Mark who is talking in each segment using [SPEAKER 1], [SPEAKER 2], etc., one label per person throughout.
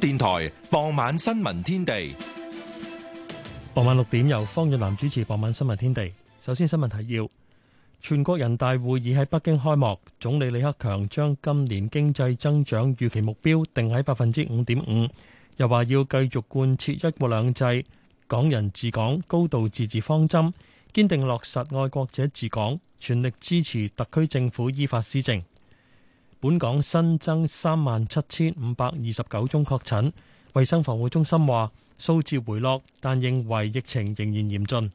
[SPEAKER 1] 電台傍晚新聞天地，傍晚六點由方若南主持。傍晚新聞天地，首先新聞提要：全國人大會議喺北京開幕，總理李克強將今年經濟增長預期目標定喺百分之五點五，又話要繼續貫徹一國兩制、港人治港、高度自治方針，堅定落實愛國者治港，全力支持特區政府依法施政。本港新增三萬七千五百二十九宗確診，衛生防護中心話數字回落，但認為疫情仍然嚴峻。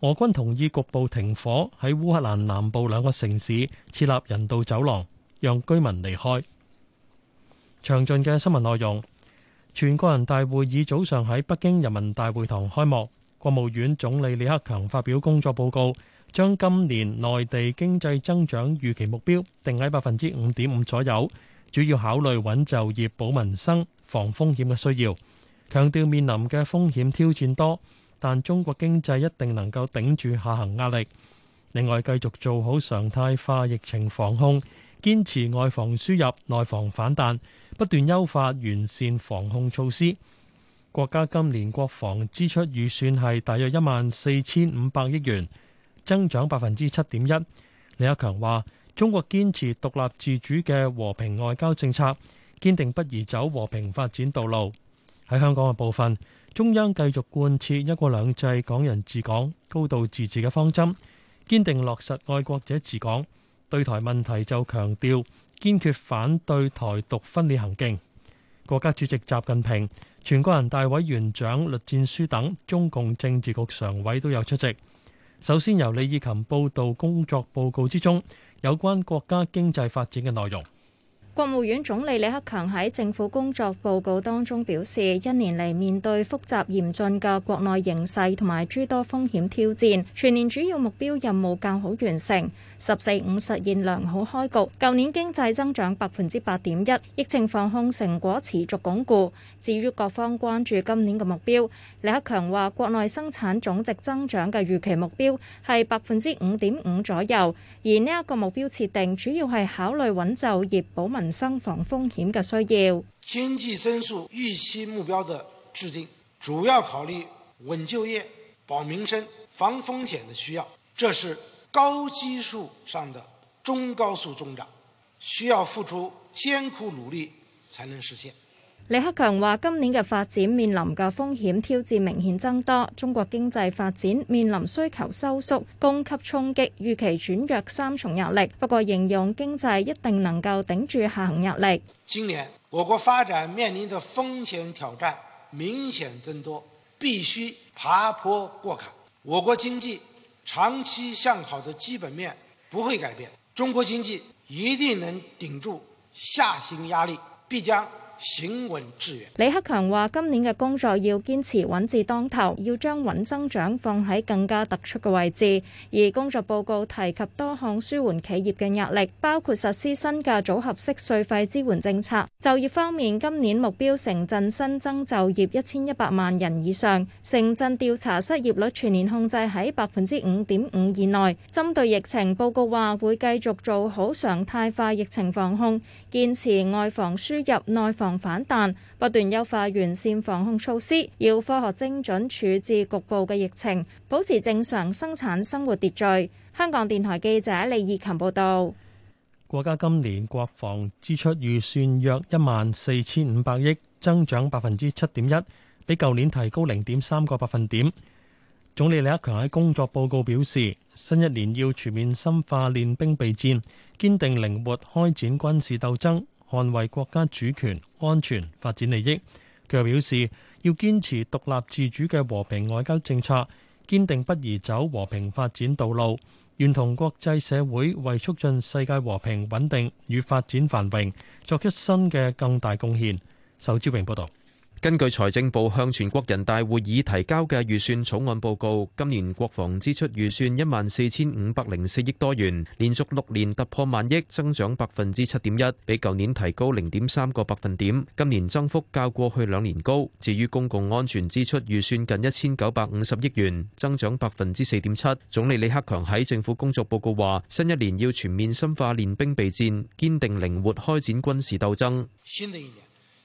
[SPEAKER 1] 俄軍同意局部停火，喺烏克蘭南部兩個城市設立人道走廊，讓居民離開。詳盡嘅新聞內容，全國人大會議早上喺北京人民大會堂開幕，國務院總理李克強發表工作報告。將今年內地經濟增長預期目標定喺百分之五點五左右，主要考慮穩就業、保民生、防風險嘅需要。強調面臨嘅風險挑戰多，但中國經濟一定能夠頂住下行壓力。另外，繼續做好常態化疫情防控，堅持外防輸入、內防反彈，不斷優化完善防控措施。國家今年國防支出預算係大約一萬四千五百億元。增長百分之七點一。李克強話：中國堅持獨立自主嘅和平外交政策，堅定不移走和平發展道路。喺香港嘅部分，中央繼續貫徹一國兩制、港人治港、高度自治嘅方針，堅定落實愛國者治港。對台問題就強調堅決反對台獨分裂行徑。國家主席習近平、全國人大委員長栗戰書等中共政治局常委都有出席。首先由李以琴報道工作報告之中有關國家經濟發展嘅內容。
[SPEAKER 2] 國
[SPEAKER 3] 務院總理李克強喺政府工作報告當中表示，一年嚟面對複雜嚴峻嘅國內形勢同埋諸多風險挑戰，全年主要目標任務較好完成，十四五實現良好開局。舊年經濟增長百分之八點一，疫情防控成果持續鞏固。至於各方關注今年嘅目標，李克強話，國內生產總值增長嘅預期目標係百分之五點五左右，而呢一個目標設定主要係考慮穩就業、保民。民生、防風險的需要，
[SPEAKER 4] 經濟增速預期目標的制定，主要考慮穩就業、保民生、防風險的需要。這是高基數上的中高速增長，需要付出艱苦努力才能實現。
[SPEAKER 3] 李克強話：今年嘅發展面臨嘅風險挑戰明顯增多，中國經濟發展面臨需求收縮、供給衝擊、預期轉弱三重壓力。不過，應用經濟一定能夠頂住下行壓
[SPEAKER 4] 力。今年，我國發展面臨嘅風險挑戰明顯增多，必須爬坡過坎。我國經濟長期向好的基本面不會改變，中國經濟一定能頂住下行壓力，必將。行穩致遠。
[SPEAKER 3] 李克強話：今年嘅工作要堅持穩字當頭，要將穩增長放喺更加突出嘅位置。而工作報告提及多項舒緩企業嘅壓力，包括實施新嘅組合式稅費支援政策。就業方面，今年目標城鎮新增就業一千一百萬人以上，城鎮調查失業率全年控制喺百分之五點五以內。針對疫情，報告話會繼續做好常態化疫情防控，堅持外防輸入、內防。防反彈，不斷優化完善防控措施，要科學精準處置局部嘅疫情，保持正常生產生活秩序。香港電台記者李義琴報導。
[SPEAKER 1] 國家今年國防支出預算約一萬四千五百億，增長百分之七點一，比舊年提高零點三個百分點。總理李克強喺工作報告表示，新一年要全面深化練兵備戰，堅定靈活開展軍事鬥爭。捍衛國家主權、安全、發展利益。佢又表示，要堅持獨立自主嘅和平外交政策，堅定不移走和平發展道路，願同國際社會為促進世界和平穩定與發展繁榮作出新嘅更大貢獻。仇志榮報道。
[SPEAKER 5] 根據財政部向全國人大會議提交嘅預算草案報告，今年國防支出預算一萬四千五百零四億多元，連續六年突破萬億，增長百分之七點一，比舊年提高零點三個百分點。今年增幅較過去兩年高。至於公共安全支出預算近一千九百五十億元，增長百分之四點七。總理李克強喺政府工作報告話：新一年要全面深化練兵備戰，堅定靈活開展軍事鬥爭。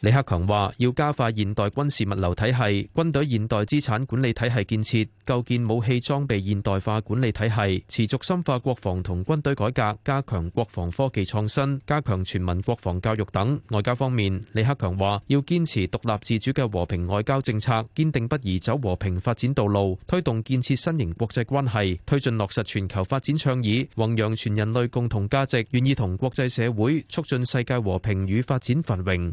[SPEAKER 5] 李克強話：要加快現代軍事物流體系、軍隊現代資產管理體系建設，構建武器裝備現代化管理體系，持續深化國防同軍隊改革，加強國防科技創新，加強全民國防教育等。外交方面，李克強話：要堅持獨立自主嘅和平外交政策，堅定不移走和平發展道路，推動建設新型國際關係，推進落實全球發展倡議，弘揚全人類共同價值，願意同國際社會促進世界和平與發展繁榮。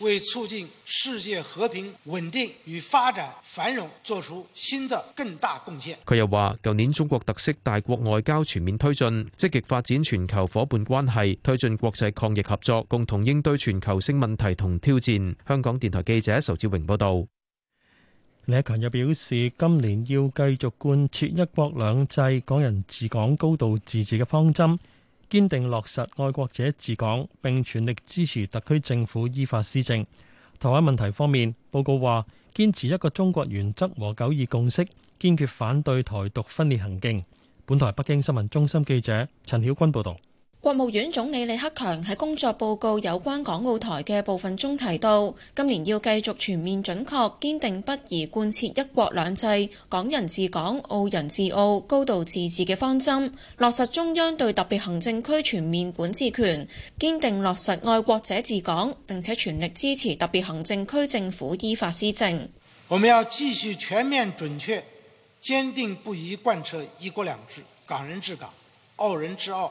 [SPEAKER 4] 為促進世界和平、穩定與發展繁榮作出新的更大貢獻。
[SPEAKER 5] 佢又話，舊年中國特色大國外交全面推進，積極發展全球伙伴關係，推進國際抗疫合作，共同應對全球性問題同挑戰。香港電台記者仇志榮報導。
[SPEAKER 1] 李克強又表示，今年要繼續貫徹一國兩制、港人治港、高度自治嘅方針。堅定落實愛國者治港，並全力支持特區政府依法施政。台灣問題方面，報告話堅持一個中國原則和九二共識，堅決反對台獨分裂行徑。本台北京新聞中心記者陳曉君報道。
[SPEAKER 2] 國務院總理李克強喺工作報告有關港澳台嘅部分中提到，今年要繼續全面準確、準確、堅定不移貫徹一國兩制、港人治港、澳人治澳、高度自治嘅方針，落實中央對特別行政區全面管治權，堅定落實愛國者治港，並且全力支持特別行政區政府依法施政。
[SPEAKER 4] 我們要繼續全面準確、堅定不移貫徹一國兩制、港人治港、澳人治澳。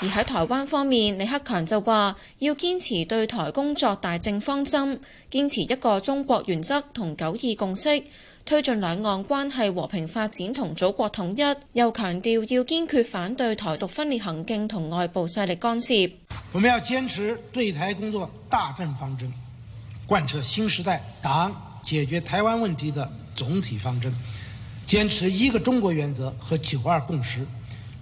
[SPEAKER 2] 而喺台灣方面，李克強就話，要堅持對台工作大政方針，堅持一個中國原則同九二共識，推進兩岸關係和平發展同祖國統一。又強調要堅決反對台獨分裂行徑同外部勢力干涉。
[SPEAKER 4] 我們要堅持對台工作大政方針，貫徹新時代黨解決台灣問題的總體方針，堅持一個中國原則和九二共識。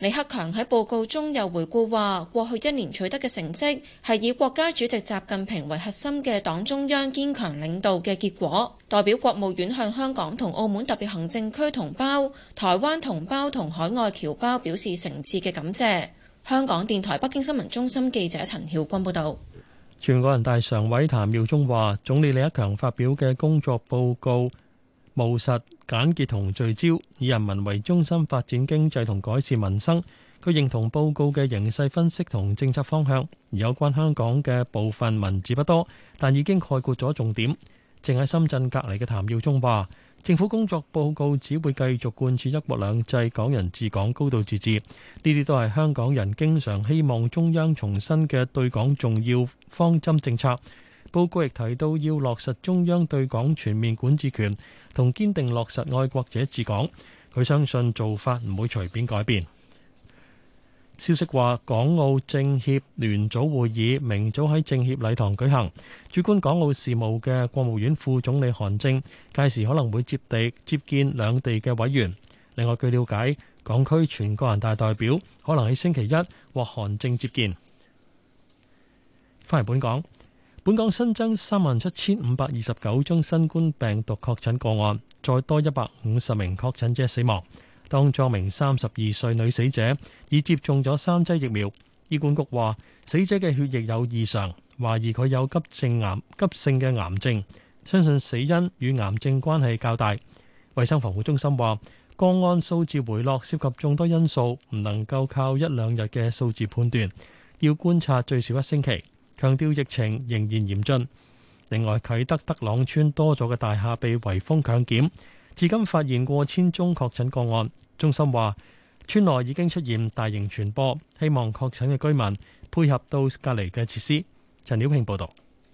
[SPEAKER 2] 李克強喺報告中又回顧話：過去一年取得嘅成績係以國家主席習近平為核心嘅黨中央堅強領導嘅結果。代表國務院向香港同澳門特別行政區同胞、台灣同胞同海外僑胞表示誠摯嘅感謝。香港電台北京新聞中心記者陳曉君報道。
[SPEAKER 1] 全國人大常委譚耀宗話：總理李克強發表嘅工作報告，務實、簡潔同聚焦，以人民為中心發展經濟同改善民生。佢認同報告嘅形勢分析同政策方向。有關香港嘅部分文字不多，但已經概括咗重點。正喺深圳隔離嘅譚耀宗話：政府工作報告只會繼續貫徹一國兩制、港人治港、高度自治。呢啲都係香港人經常希望中央重申嘅對港重要方針政策。報告亦提到要落實中央對港全面管治權，同堅定落實愛國者治港。佢相信做法唔會隨便改變。消息話，港澳政協聯組會議明早喺政協禮堂舉行，主管港澳事務嘅國務院副總理韓正屆時可能會接地接見兩地嘅委員。另外，據了解，港區全國人大代表可能喺星期一或韓正接見。翻嚟本港。本港新增三萬七千五百二十九宗新冠病毒確診個案，再多一百五十名確診者死亡。當中名三十二歲女死者已接種咗三劑疫苗。醫管局話，死者嘅血液有異常，懷疑佢有急性癌，急性嘅癌症，相信死因與癌症關係較大。衛生防護中心話，個案數字回落涉及眾多因素，唔能夠靠一兩日嘅數字判斷，要觀察最少一星期。強調疫情仍然嚴峻。另外，啟德德朗村多咗嘅大廈被圍封強檢，至今發現過千宗確診個案。中心話，村內已經出現大型傳播，希望確診嘅居民配合到隔離嘅設施。陳曉慶報道。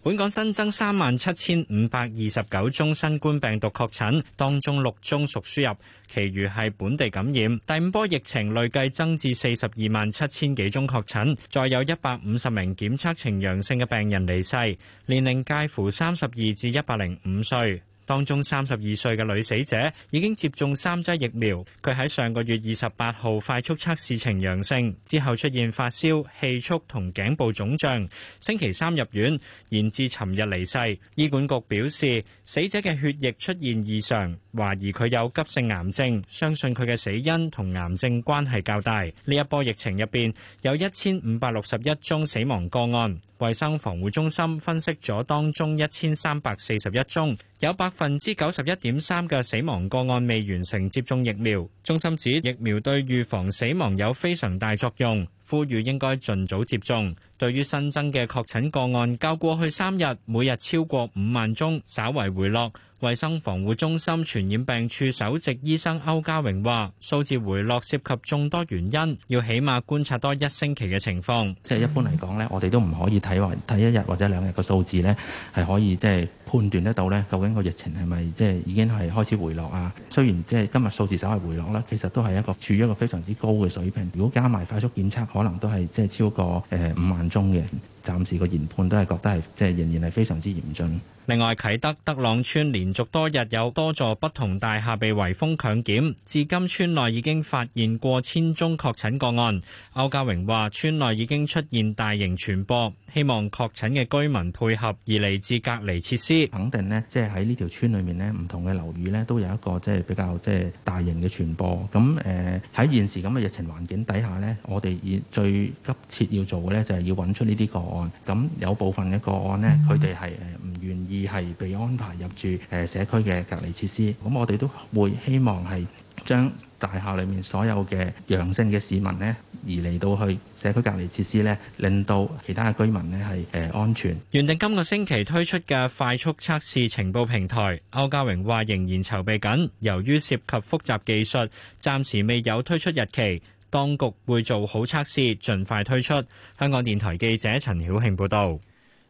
[SPEAKER 1] 本港新增三萬七千
[SPEAKER 6] 五百二十九宗新冠病毒確診，當中六宗屬輸入，其餘係本地感染。第五波疫情累計增至四十二萬七千幾宗確診，再有一百五十名檢測呈陽性嘅病人離世，年齡介乎三十二至一百零五歲。當中三十二歲嘅女死者已經接種三劑疫苗，佢喺上個月二十八號快速測試呈陽性，之後出現發燒、氣促同頸部腫脹，星期三入院，延至尋日離世。醫管局表示，死者嘅血液出現異常，懷疑佢有急性癌症，相信佢嘅死因同癌症關係較大。呢一波疫情入邊有一千五百六十一宗死亡個案，衞生防護中心分析咗當中一千三百四十一宗。有百分之九十一點三嘅死亡個案未完成接種疫苗，中心指疫苗對預防死亡有非常大作用，呼籲應該盡早接種。對於新增嘅確診個案較過去三日每日超過五萬宗，稍為回落。衛生防護中心傳染病處首席醫生歐家榮話：數字回落涉及眾多原因，要起碼觀察多一星期嘅情況。
[SPEAKER 7] 即係一般嚟講呢，我哋都唔可以睇話睇一日或者兩日嘅數字呢，係可以即係判斷得到呢，究竟個疫情係咪即係已經係開始回落啊？雖然即係今日數字稍為回落啦，其實都係一個處於一個非常之高嘅水平。如果加埋快速檢測，可能都係即係超過誒五萬。中嘅。暫時個研判都係覺得係即係仍然係非常之嚴峻。
[SPEAKER 6] 另外，啟德德朗村連續多日有多座不同大廈被圍封強檢，至今村內已經發現過千宗確診個案。歐家榮話：村內已經出現大型傳播，希望確診嘅居民配合而嚟自隔離設施。
[SPEAKER 7] 肯定呢，即係喺呢條村裏面呢，唔同嘅樓宇呢，都有一個即係比較即係大型嘅傳播。咁誒，喺、呃、現時咁嘅疫情環境底下呢，我哋以最急切要做嘅呢，就係、是、要揾出呢啲個。咁有部分嘅個案呢，佢哋係誒唔願意係被安排入住誒社區嘅隔離設施，咁我哋都會希望係將大廈裏面所有嘅陽性嘅市民呢，移嚟到去社區隔離設施呢，令到其他嘅居民呢，係誒安全。
[SPEAKER 6] 原定今個星期推出嘅快速測試情報平台，歐家榮話仍然籌備緊，由於涉及複雜技術，暫時未有推出日期。當局會做好測試，盡快推出。香港電台記者陳曉慶報導。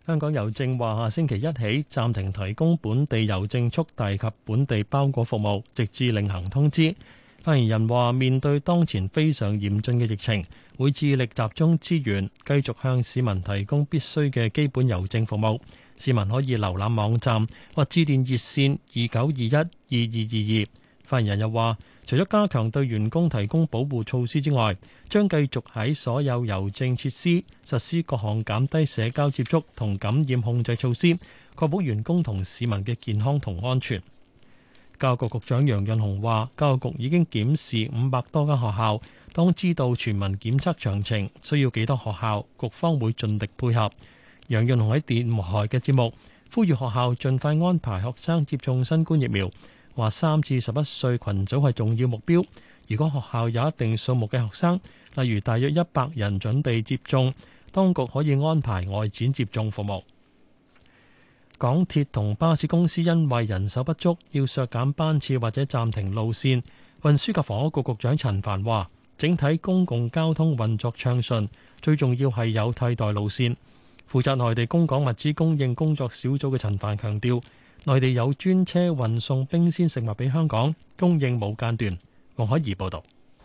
[SPEAKER 1] 香港郵政話：下星期一起暫停提供本地郵政速遞及本地包裹服務，直至另行通知。發言人話：面對當前非常嚴峻嘅疫情，會致力集中資源，繼續向市民提供必須嘅基本郵政服務。市民可以瀏覽網站或致電熱線二九二一二二二二。發言人又話，除咗加強對員工提供保護措施之外，將繼續喺所有郵政設施實施各項減低社交接觸同感染控制措施，確保員工同市民嘅健康同安全。教育局局長楊潤雄話，教育局已經檢視五百多間學校，當知道全民檢測詳情需要幾多學校，局方會盡力配合。楊潤雄喺電台嘅節目呼籲學校盡快安排學生接種新冠疫苗。話三至十一歲群組係重要目標。如果學校有一定數目嘅學生，例如大約一百人，準備接種，當局可以安排外展接種服務。港鐵同巴士公司因為人手不足，要削減班次或者暫停路線運輸。運輸及房屋局局長陳帆話，整體公共交通運作暢順，最重要係有替代路線。負責內地供港物資供應工作小組嘅陳帆強調。內地有專車運送冰鮮食物俾香港，供應冇間斷。黃海怡報導。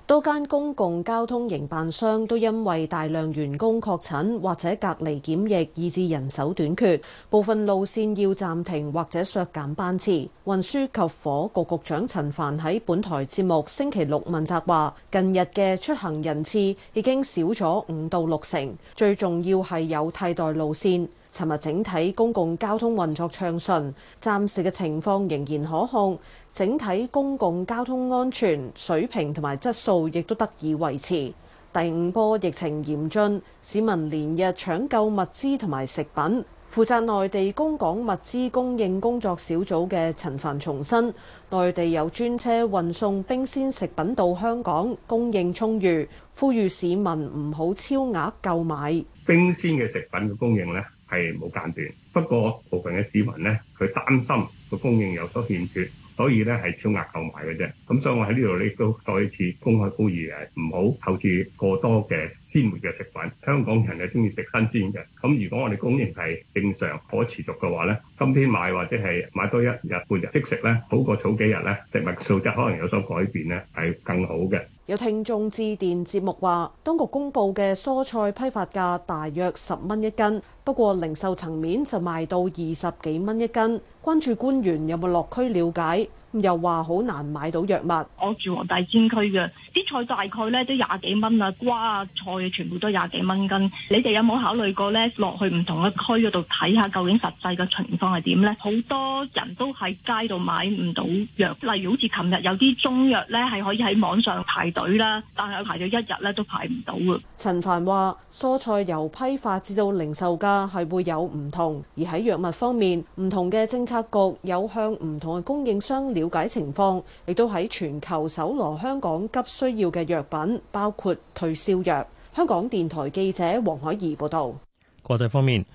[SPEAKER 8] 多間公共交通營辦商都因為大量員工確診或者隔離檢疫，以致人手短缺，部分路線要暫停或者削減班次。運輸及火局局長陳帆喺本台節目星期六問責話，近日嘅出行人次已經少咗五到六成，最重要係有替代路線。尋日整體公共交通運作暢順，暫時嘅情況仍然可控，整體公共交通安全水平同埋質素亦都得以維持。第五波疫情嚴峻，市民連日搶購物資同埋食品。負責內地供港物資供應工作小組嘅陳帆重申，內地有專車運送冰鮮食品到香港，供應充裕，呼籲市民唔好超額購買。
[SPEAKER 1] 冰鮮嘅食品嘅供應呢？係冇間斷，不過部分嘅市民咧，佢擔心個供應有所欠缺，所以咧係超額購買嘅啫。咁所以我喺呢度咧都再次公開呼籲係，唔好購住過多嘅鮮活嘅食品。香港人係中意食新鮮嘅。咁如果我哋供應係正常可持續嘅話咧，今天買或者係買多一日半日即食咧，好過早幾日咧，食物素質可能有所改變咧，係
[SPEAKER 9] 更好嘅。
[SPEAKER 8] 有聽眾致電節目話，當局公佈嘅蔬菜批發價大約十蚊一斤，不過零售層面就賣到二十幾蚊一斤。關注官員有冇落區了解？又話好難買到藥物。我住黃大仙區嘅，啲菜大概咧都廿幾蚊啊，瓜啊菜全部都廿幾蚊斤。你哋有冇考慮過咧落去唔同嘅區嗰度睇下究竟實際嘅情況係點咧？好多人都喺街度買唔到藥，例如好似琴日有啲中藥咧係可以喺網上排隊啦，但係排咗一日咧都排唔到㗎。陳帆話：蔬菜由批發至到零售價係會有唔同，而喺藥物方面，唔同嘅政策局有向唔同嘅供應商。了解情況，亦都喺全球搜羅香港急需要嘅藥品，包括退燒藥。香港電台記者黃海怡報道。
[SPEAKER 1] 國際方面，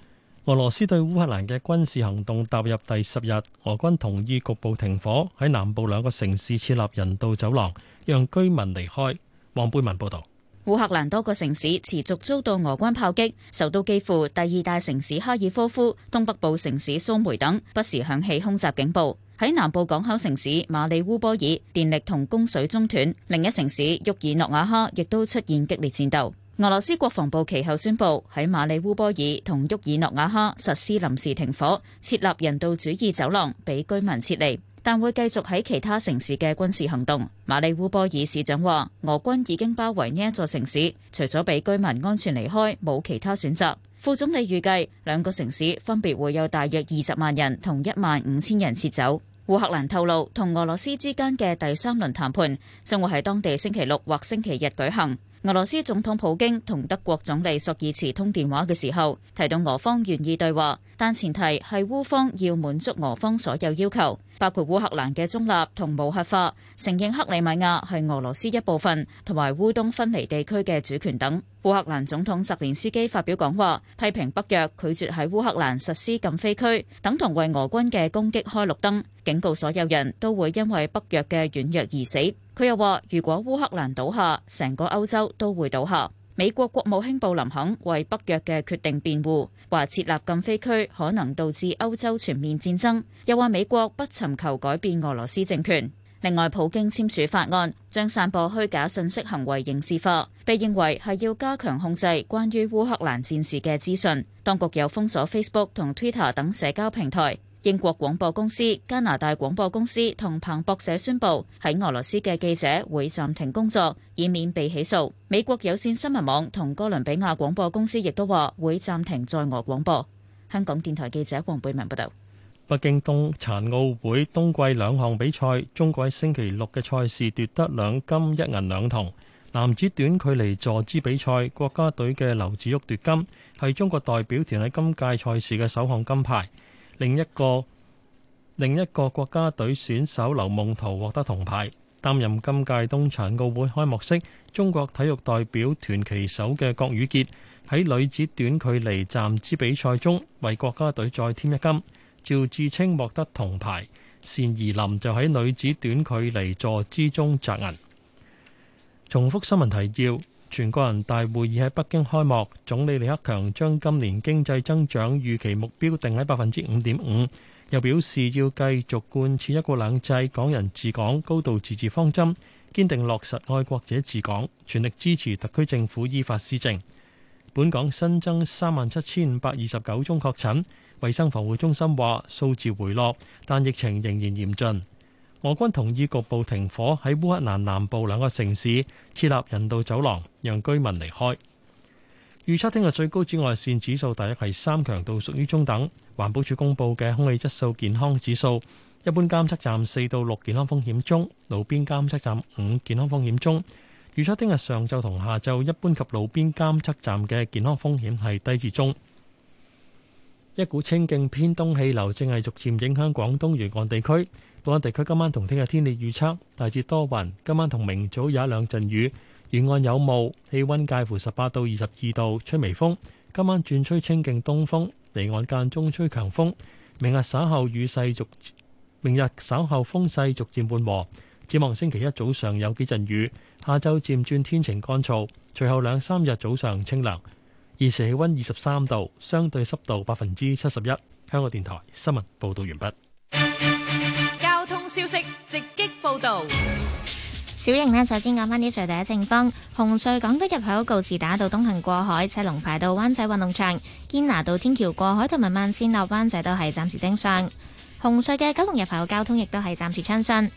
[SPEAKER 1] 俄羅斯對烏克蘭嘅軍事行動踏入第十日，俄軍同意局部停火，喺南部兩個城市設立人道走廊，讓居民離開。黃貝文報道。
[SPEAKER 10] 烏克蘭多個城市持續遭到俄軍炮擊，首都基輔、第二大城市哈爾科夫、東北部城市蘇梅等不時響起空襲警報。喺南部港口城市馬里烏波爾，電力同供水中斷，另一城市沃爾諾瓦哈亦都出現激烈戰鬥。俄羅斯國防部其後宣布喺馬里烏波爾同沃爾諾瓦哈實施臨時停火，設立人道主義走廊，俾居民撤離。但會繼續喺其他城市嘅軍事行動，馬里烏波爾市長話，俄軍已經包圍呢一座城市，除咗俾居民安全離開，冇其他選擇，副總理預計，兩個城市分別會有大約二十萬人同一萬五千人撤走。烏克蘭透露，同俄羅斯之間嘅第三輪談判將會喺當地星期六或星期日舉行。俄羅斯總統普京同德國總理索爾茨通電話嘅時候，提到俄方願意對話。但前提係烏方要滿足俄方所有要求，包括烏克蘭嘅中立同無核化、承認克里米亞係俄羅斯一部分，同埋烏東分離地區嘅主權等。烏克蘭總統澤連斯基發表講話，批評北約拒絕喺烏克蘭實施禁飛區，等同為俄軍嘅攻擊開綠燈，警告所有人都會因為北約嘅軟弱而死。佢又話：如果烏克蘭倒下，成個歐洲都會倒下。美國國務卿布林肯為北約嘅決定辯護。話設立禁飛區可能導致歐洲全面戰爭，又話美國不尋求改變俄羅斯政權。另外，普京簽署法案將散播虛假信息行為刑事化，被認為係要加強控制關於烏克蘭戰事嘅資訊。當局有封鎖 Facebook 同 Twitter 等社交平台。英國廣播公司、加拿大廣播公司同彭博社宣佈，喺俄羅斯嘅記者會暫停工作，以免被起訴。美國有線新聞網同哥倫比亞廣播公司亦都話會暫停在俄廣播。香港電台記者黃貝文報道。
[SPEAKER 1] 北京冬殘奧會冬季兩項比賽，中國喺星期六嘅賽事奪得兩金一銀兩銅。男子短距離坐姿比賽，國家隊嘅劉子旭奪金，係中國代表團喺今屆賽事嘅首項金牌。另一個另一個國家隊選手劉夢圖獲得銅牌，擔任今屆冬殘奧會開幕式中國體育代表團旗手嘅郭雨潔喺女子短距離站姿比賽中為國家隊再添一金，趙志清獲得銅牌，單怡林就喺女子短距離坐姿中摘銀。重複新聞提要。全國人大會議喺北京開幕，總理李克強將今年經濟增長預期目標定喺百分之五點五，又表示要繼續貫徹一國兩制、港人治港、高度自治方針，堅定落實愛國者治港，全力支持特區政府依法施政。本港新增三萬七千五百二十九宗確診，衛生防護中心話數字回落，但疫情仍然嚴峻。俄軍同意局部停火，喺烏克蘭南部兩個城市設立人道走廊，讓居民離開。預測聽日最高紫外線指數大約係三強度，屬於中等。環保署公布嘅空氣質素健康指數，一般監測站四到六，健康風險中；路邊監測站五，健康風險中。預測聽日上晝同下晝，一般及路邊監測站嘅健康風險係低至中。一股清勁偏東氣流正係逐漸影響廣東沿岸地區。本港地區今晚同聽日天氣預測，大致多雲，今晚同明早有一兩陣雨，沿岸有霧，氣溫介乎十八到二十二度，吹微風。今晚轉吹清勁東風，離岸間中吹強風。明日稍後雨勢逐，明日稍後風勢逐漸緩和。展望星期一早上有幾陣雨，下晝漸轉天晴乾燥。隨後兩三日早上清涼，現時氣溫二十三度，相對濕度百分之七十一。香港電台新聞報道完畢。
[SPEAKER 8] 消息直擊報道，
[SPEAKER 11] 小瑩呢，首先講翻啲隧道嘅情況。紅隧港島入口告士打道東行過海，車龍排到灣仔運動場、堅拿道天橋過海同埋慢線落灣仔都係暫時正常。紅隧嘅九龍入口交通亦都係暫時暢順。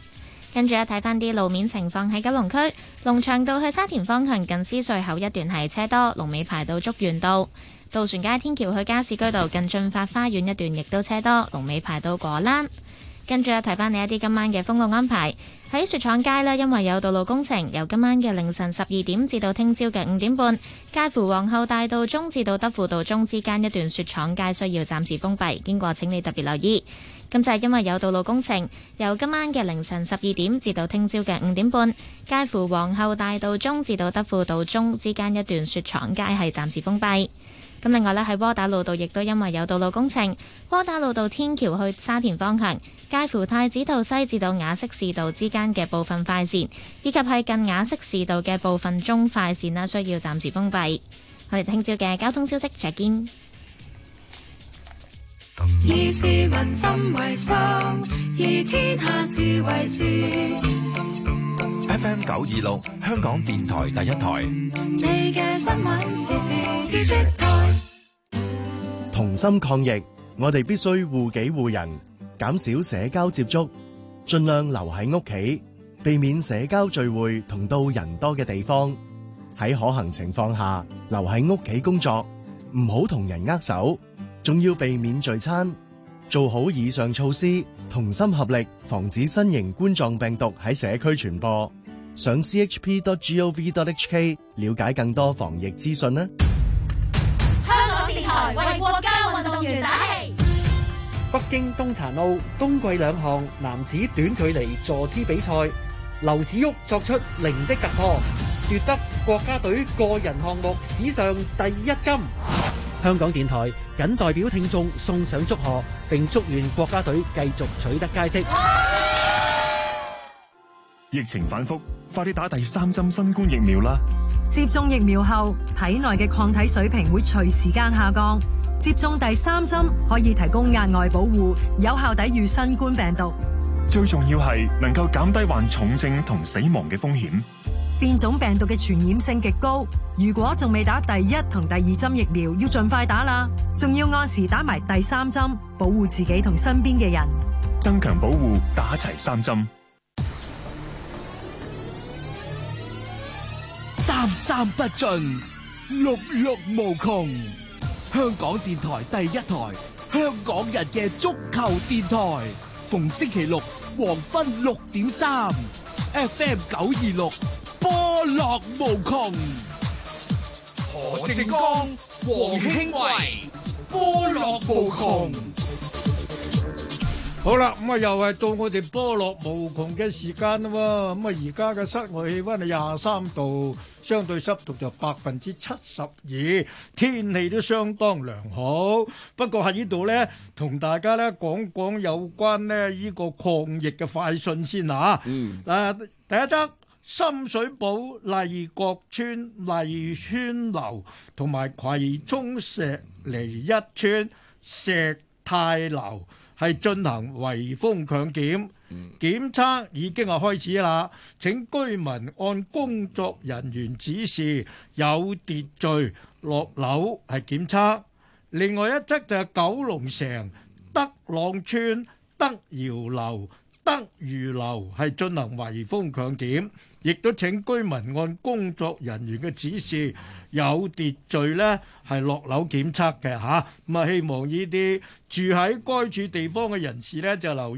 [SPEAKER 11] 跟住咧，睇翻啲路面情況喺九龍區，龍翔道去沙田方向近獅隧口一段係車多，龍尾排到竹園道；渡船街天橋去加士居道近駿發花園一段亦都車多，龍尾排到果欄。跟住咧，提返你一啲今晚嘅封路安排。喺雪廠街呢，因為有道路工程，由今晚嘅凌晨十二點至到聽朝嘅五點半，介乎皇后大道中至到德輔道中之間一段雪廠街需要暫時封閉。經過請你特別留意。今次係因為有道路工程，由今晚嘅凌晨十二點至到聽朝嘅五點半，介乎皇后大道中至到德輔道中之間一段雪廠街係暫時封閉。咁另外咧，喺窩打老道亦都因為有道路工程，窩打老道天橋去沙田方向，介乎太子道西至到雅息士道之間嘅部分快線，以及係近雅息士道嘅部分中快線需要暫時封閉。我哋聽朝嘅交通消息再見。
[SPEAKER 2] 以
[SPEAKER 9] FM 九二六香港電台第一台，
[SPEAKER 7] 同心抗疫，我哋必須護己護人，減少社交接觸，盡量留喺屋企，避免社交聚會同到人多嘅地方。喺可行情況下，留喺屋企工作，唔好同人握手，仲要避免聚餐。做好以上措施，同心合力，防止新型冠狀病毒喺社區傳播。上 c h p dot g o v dot h k 了解更多防疫資訊啦！
[SPEAKER 1] 香港電台為國家運動員打氣。北京冬殘奧冬季兩項男子短距離坐姿比賽，劉子旭作出零的突破，奪得國家隊個人項目史上第一金。
[SPEAKER 5] 香港電台謹代表聽眾送上祝賀，並祝願國家隊繼續取得佳績。
[SPEAKER 1] 疫情反覆，快啲打第三針新冠疫苗啦！
[SPEAKER 8] 接種疫苗後，體內嘅抗體水平會隨時間下降。接種第三針可以提供額外保護，有效抵御新冠病毒。
[SPEAKER 1] 最重要係能夠減低患重症同死亡嘅風險。
[SPEAKER 8] 變種病毒嘅傳染性極高，如果仲未打第一同第二針疫苗，要盡快打啦！仲要按時打埋第三針，保護自己同身邊嘅人，
[SPEAKER 1] 增強保護，打齊三針。
[SPEAKER 9] 三三不盡，六六無窮。香港電台第一台，香港人嘅足球電台，逢星期六黃昏六點三，FM 九二六，波落無窮。何正光，黃興偉，波落無窮。好啦，咁啊又係到我哋波落無窮嘅時間啦。咁啊，而家嘅室外氣温係廿三度。相對濕度就百分之七十二，天氣都相當良好。不過喺呢度呢，同大家呢講講有關呢呢個抗疫嘅快訊先吓、啊嗯啊。嗯，嗱第一則，深水埗麗閣村麗村樓同埋葵涌石籬一村石泰樓係進行圍封強檢。檢測已經係開始啦！請居民按工作人員指示有秩序落樓係檢測。另外一側就係九龍城德朗邨德耀樓、德裕樓係進行圍封強檢，亦都請居民按工作人員嘅指示有秩序咧係落樓檢測嘅吓。咁啊，希望呢啲住喺該處地方嘅人士咧就留意。